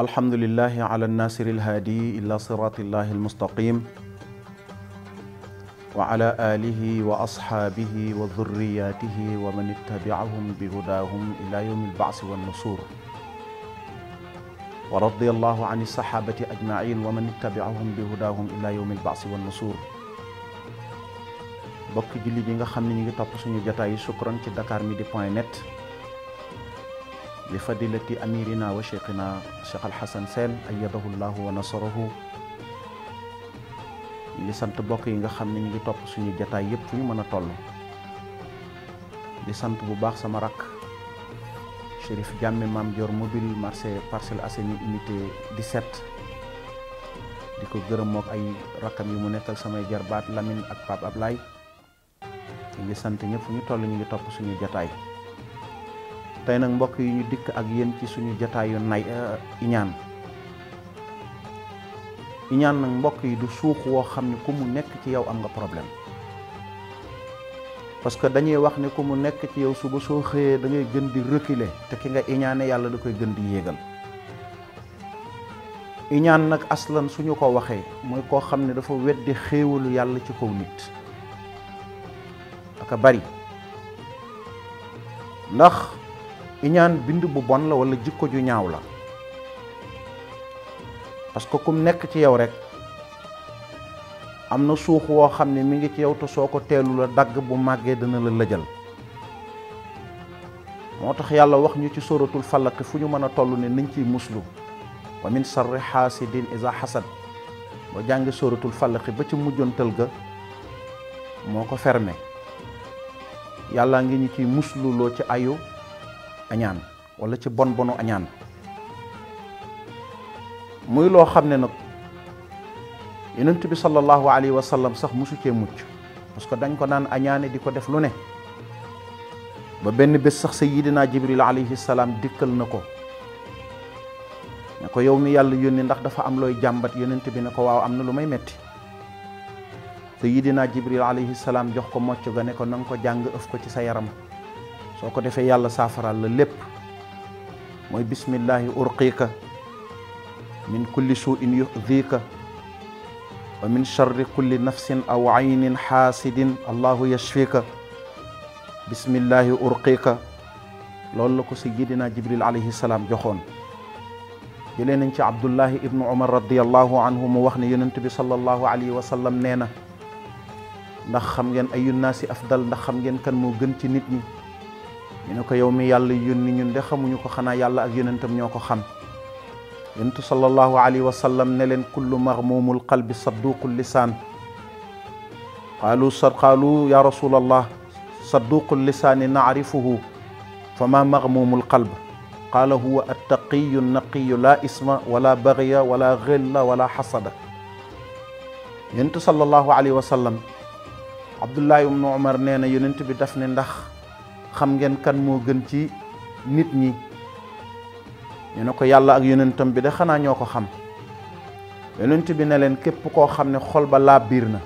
alhamdulillahi ala nasiri alhaadi ila siratillahi almustaqim wa ala alihi wa ashaabihi wa dhurriyatihi wa man ittabiahum bi hudaahum ila yawmi albaasi wannusur wa radiyallahu an sahabati ajmain wa man ittabiahum bi hudaahum ila yawmi albaasi wannusur bokk julli ñi nga xam ne ñu ngi topp suñu jataay yi sukran ci dakar midi point net li بفضيلة أميرنا seen الشيخ الحسن Sène أيده الله ونصره ngi sant mbokk yi nga xam ne ñu ngi topp suñu jataay yëpp fu ñu mën a toll di sant bu baax sama rakk Chérif Diamé Mame Dior mobile marché Parcelles Assainies unité set di ko gërëm mook ay rakkam yi mu nekkal samay jarbaat Lamine ak Pape Ablaye ñu ngi sant ñëpp fu ñu toll ñu ngi topp suñu jataay tey nag mbokk yi ñu dikk ak yéen ci suñu jataayu nay euh, iñaan iñaan nag mbokk yi du suux woo xam ne ku mu nekk ci yow am nga problème parce que dañuy wax ne ku mu nekk ci yow suba soo xëyee da gën di reculer te ki nga iñaane yàlla da koy gën di yéegal iñaan nag aslan suñu ko waxee mooy koo xam ne dafa weddi xéewalu yàlla ci kaw nit aka bari ndax iñaan bind bu bon la wala jikko ju ñaaw la parce que kum nekk ci yow rek am na suux woo xam ne mi ngi ci soo ko teelu la dagg bu màggee dina la lëjal moo tax yàlla wax ñu ci sóoratul falaq fu ñu mën a toll ne niñ ciy muslu wa min sarri xaasidin isa xasad boo jàngi sóoratul falaq ba ci mujjantal ga moo ko ferme yàlla ngi ñu ciy muslu loo ci ayu añaan wala ci bon bonu añaan muy loo xam ne nag yonent bi sallallahu alayhi wa sallam sax musu cee mucc parce que dañ ko naan añaane di ko def lu ne ba benn bés sax yii sayyidina jibril alayhi salaam dikkal na ko ne ko yow mi yàlla yónni ndax dafa am looy jàmbat yonent bi ne ko waaw am na lu may metti di sayyidina jibril alayhi salaam jox ko mocc ga ne ko na nga ko jàng ëf ko ci sa yaram soo ko defee yàlla saafara la lépp mooy bismillahi urqiika min kulli suuin yudiika wa min charri kulli nafsin aw aynin xaasidin allahu yashfiika bismillahi urqiika loolu la ko sayidina jibril alayhi salaam joxoon jëlee nañ ci abdullahi ibnu umar anhu mu wax ne yonent bi sallallahu alayhi wa sallam nee na ay xam ngeen ayu naasi afdal ndax xam ngeen kan moo gën ci nit ñi ñu ne ko yow mi yàlla yónni ñun de xamuñu ko xanaa yàlla ak yonentam ñoo ko xam yonentu sallallahu alayhi wa sallam ne leen kullu marmuumul qalbi sadduqul sa qaalu ya rasulallah sadduqul lisaani naarifuhu fa ma marmuumul qalb qaala huwa attaqiyu naqiyu laa isma wala bagya wala xilla wala xasada yonentu sallallahu alayhi wa abdullahi ibnu umar nee na yonent bi daf ne xam ngeen kan moo gën ci nit ñi ñu ne ko yàlla ak yonentam bi de xanaa ñoo ko xam yonent bi ne leen képp koo xam ne xol ba laa biir na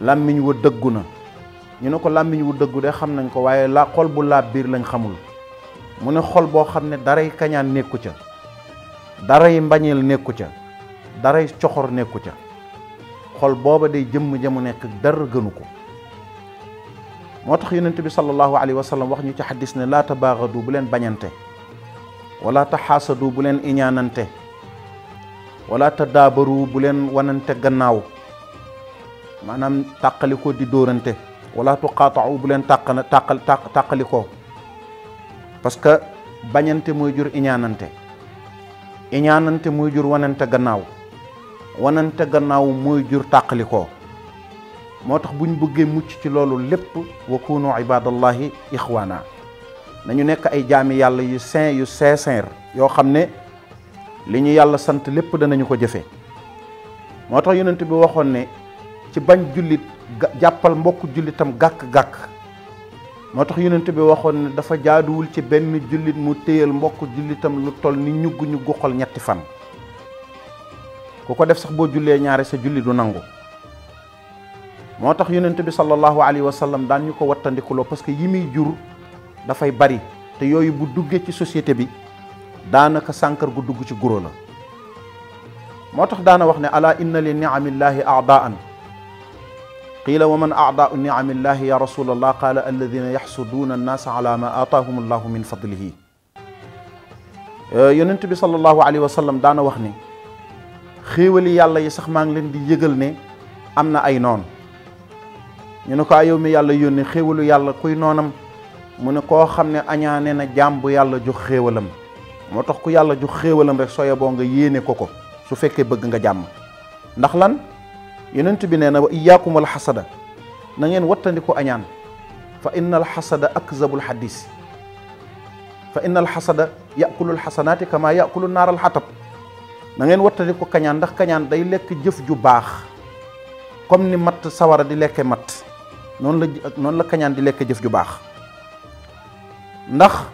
làmmiñ wa dëggu na ñu ne ko làmmiñ wu dëggu de xam nañ ko waaye la xol bu laa biir lañ xamul mu ne xol boo xam ne daray kañaan nekku ca dara yi mbañeel nekku ca daray coxor nekku ca xol booba de jëmm ja mu nekk dara gënu ko moo tax yonent bi sallallahu alayhi wa sallam wax ñu ci xaddis ne laa tabaaxadu bu leen bañante wala taxaasadu bu leen iñaanante wala tadaabaru bu leen wanante gannaaw maanaam tàqalikoo di dóorante wala tuqaataaw bu leen tàq tàqal tàqalikoo parce que bañante muy jur iñaanante iñaanante muy jur wanante gannaaw wanante gannaaw muy jur tàqalikoo moo tax bu ñu bëggee mucc ci loolu lépp wa kunu ibadallahi ixwaana nañu nekk ay jaami yàlla yu saint yu sincère yoo xam ne li ñu yàlla sant lépp danañu ko jëfe moo tax yonent bi waxoon ne ci bañ jullit jàppal mbokk jullitam gàkk-gàkk moo tax yonent bi waxoon ne dafa jaaduwul ci benn jullit mu téyal mbokk jullitam lu toll ni ñugg ñu guxal ñetti fan ku ko def sax boo jullee ñaare sa julli du nangu moo tax yonent bi sallallahu alayhi wa sallam daan ñu ko wattandikuloo parce que yi muy jur dafay bari te yooyu bu duggee ci société bi daanaka sànkar gu dugg ci guro la moo tax daana wax ne ala inna li niamillahi aadaan qiila wa man aadaau niamillahi ya rasulallah qaala alladina yaxsuduuna annaasa ala ma aataahum allahu min fadlihi yonent bi sallallahu alayhi wa sallam daana wax ne xéewali yàlla yi sax maa ngi leen di yëgal ne am na ay noon ñu ne ko ah yow mi yàlla yónni xéewalu yàlla kuy noonam mu ne koo xam ne añaane na jaam bu yàlla jox xéewalam moo tax ku yàlla jox xéewalam rek sooye boo nga yéene ko ko su fekkee bëgg nga jàmm ndax lan yonent bi nee na wa iyaakum al xasada na ngeen wattandiku añaan fa inna al xasada akzabul xadis fa inna al xasada yakulul xasanaati kama yakulu naaral xatab na ngeen wattandiku kañaan ndax kañaan day lekk jëf ju baax comme ni matt sawara di lekke matt noonu la noonu la kañaan di lekk jëf ju baax ndax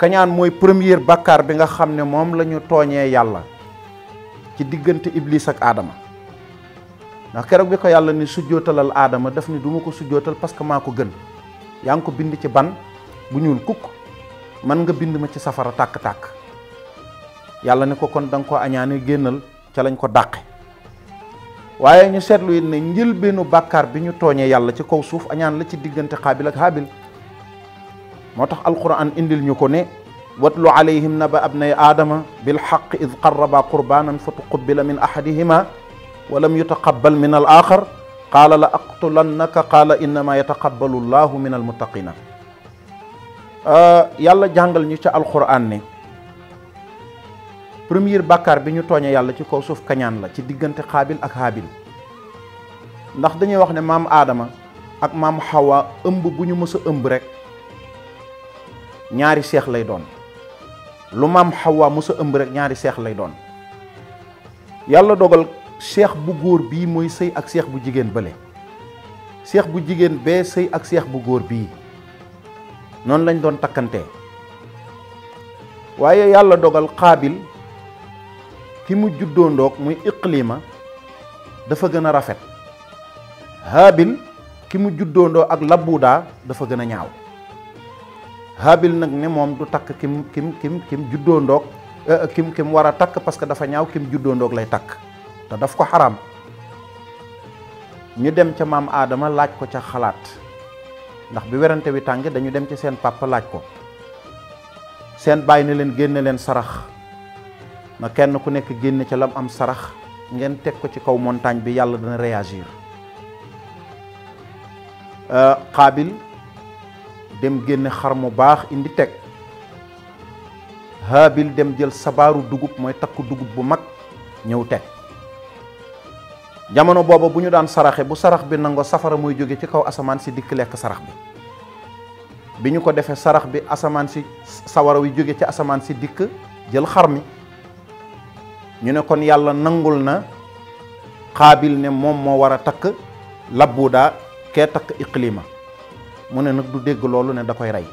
kañaan mooy première bàkkaar bi nga xam ne moom lañu ñu tooñee yàlla ci diggante iblis ak aadama ndax keroog bi ko yàlla ni sujjootalal aadama daf ni duma ko sujjootal parce que maa ko gën yaa ngi ko bind ci ban bu ñuul kukk man nga bind ma ci safara tàkk-tàkk yàlla ne ko kon da ko añaane génnal ca lañ ko dàqe waaye ñu seetlu it ne njëlbeenu bàkkaar bi ñu tooñee yàlla ci kaw suuf añaan la ci diggante xaabil ak haabil moo tax alquran indil ñu ko ne lu na ba naba abnay aadama bilxaq id qarraba qurbanan fa tuqubila min ahadihima wa lam yutaqabal min al axar qaala la aqtulannaka qaala innama yataqabalu llahu min almuttaqina euh, yàlla jàngal ñu ca alquran ne premier bàkkaar bi ñu tooñe yàlla ci kaw suuf kañaan la ci diggante xaabil ak haabil ndax dañuy wax ne maam aadama ak maam xawa ëmb bu ñu mës ëmb rek ñaari seex lay doon lu maam xawa mës a ëmb rek ñaari seex lay doon yàlla dogal seex bu góor bii mooy sëy ak seex bu jigéen bële seex bu jigéen bee sëy ak seex bu góor bii noonu lañ doon takkante waaye yàlla dogal xaabil ki mu juddoo ndoog muy iqlima dafa gën a rafet haabil ki mu juddoo ndoog ak labuudaa dafa gën a ñaaw haabil nag ne moom du takk kim kim kim kim juddoo ndoog euh, kim kim war a takk parce que dafa ñaaw kim juddoo ndoog lay takk te daf ko xaraam ñu dem ca maam aadama laaj ko ca xalaat ndax bi werante wi tàng dañu dem ci seen papa laaj ko seen bàyyi na leen génne leen sarax na kenn ku nekk génne ci lam am sarax ngeen teg ko ci kaw montagne bi yàlla dana réagir euh, xaabil dem génne xar mu baax indi teg haabil dem jël sabaaru dugub mooy takku dugub bu mag ñëw teg jamono booba bu ñu daan saraxe bu sarax bi nango safara mooy jóge ci kaw asamaan si dikk lekk sarax bi bi ñu ko defee sarax bi asamaan si sawara wi jóge ci asamaan si dikk jël xar mi ñu ne kon yàlla nangul na xaabil ne moom moo war a takk labbuudaa kee takk iqlima mu ne nag du dégg loolu ne da koy rey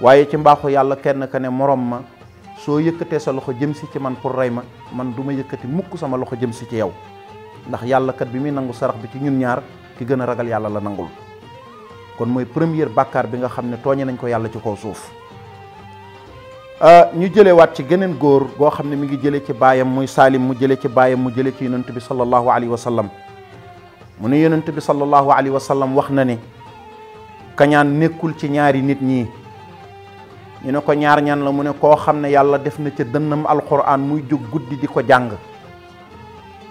waaye ci mbaaxu yàlla kenn ka ne moroom ma soo yëkkatee sa loxo jëm si ci man pour rey ma man du ma yëkkati mukk sama loxo jëm si ci yow ndax yàlla kat bi muy nangu sarax bi ci ñun ñaar ki gën a ragal yàlla la nangul kon mooy première bàkkaar bi nga xam ne tooñe nañ ko yàlla ci kaw suuf Euh, ñu jëlewaat ci geneen góor goo xam ne mi ngi jëlee ci baayam muy Saalim mu jëlee ci baayam mu jëlee ci yonent bi sallallahu alayhi wa sallam mu ne yonent bi sallallahu alayhi wa sallam wax na ne kañaan nekkul ci ñaari nit ñi ñu ne ko ñaar ñan la mu ne koo xam ne yàlla def na ca dënnam alquran muy jóg guddi di ko jàng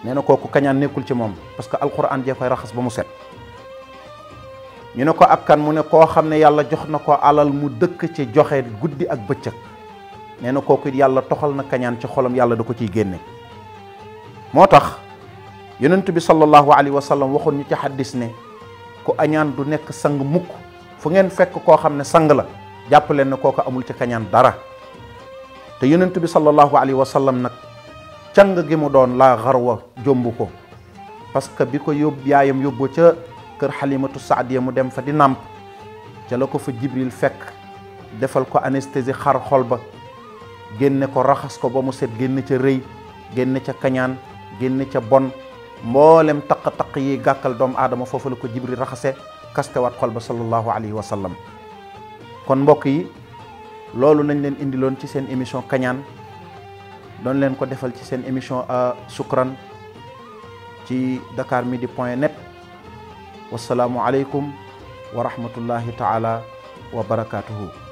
nee na kooku kañaan nekkul ci moom parce que alquran jee koy raxas ba mu set ñu ne ko ak kan mu ne koo xam ne yàlla jox na ko alal mu dëkk ci joxe guddi ak bëccëg nee na kooku yàlla toxal na kañaan ci xolam yàlla da ko ciy génne moo tax yonent bi sallallahu alayhi wa sallam waxoon ñu ci xaddis ne ku añaan du nekk sang mukk fu ngeen fekk koo xam ne sang la jàpp leen ne kooku amul ci kañaan dara te yonent bi sallallahu alayhi wa sallam nag cang gi mu doon laa xarwa jomb ko parce que bi ko yóbbu yaayam yóbbu ca kër xalimatu saadiya mu dem fa di nàmp ca la ko fa jibril fekk defal ko anesthésie xar xol ba génne ko raxas ko ba mu set génne ca rëy génne ca kañaan génne ca bon mboolem taq-taq yi gàkkal doomu aadama foofu la ko jibri raxase kastewaat xol ba sallallahu alayhi wa sallam kon mbokk yi loolu nañ leen indiloon ci seen émission kañaan doon leen ko defal ci seen émission euh, sukran ci dakar midi point net wasalaamu aleykum wa rahmatullahi taala wa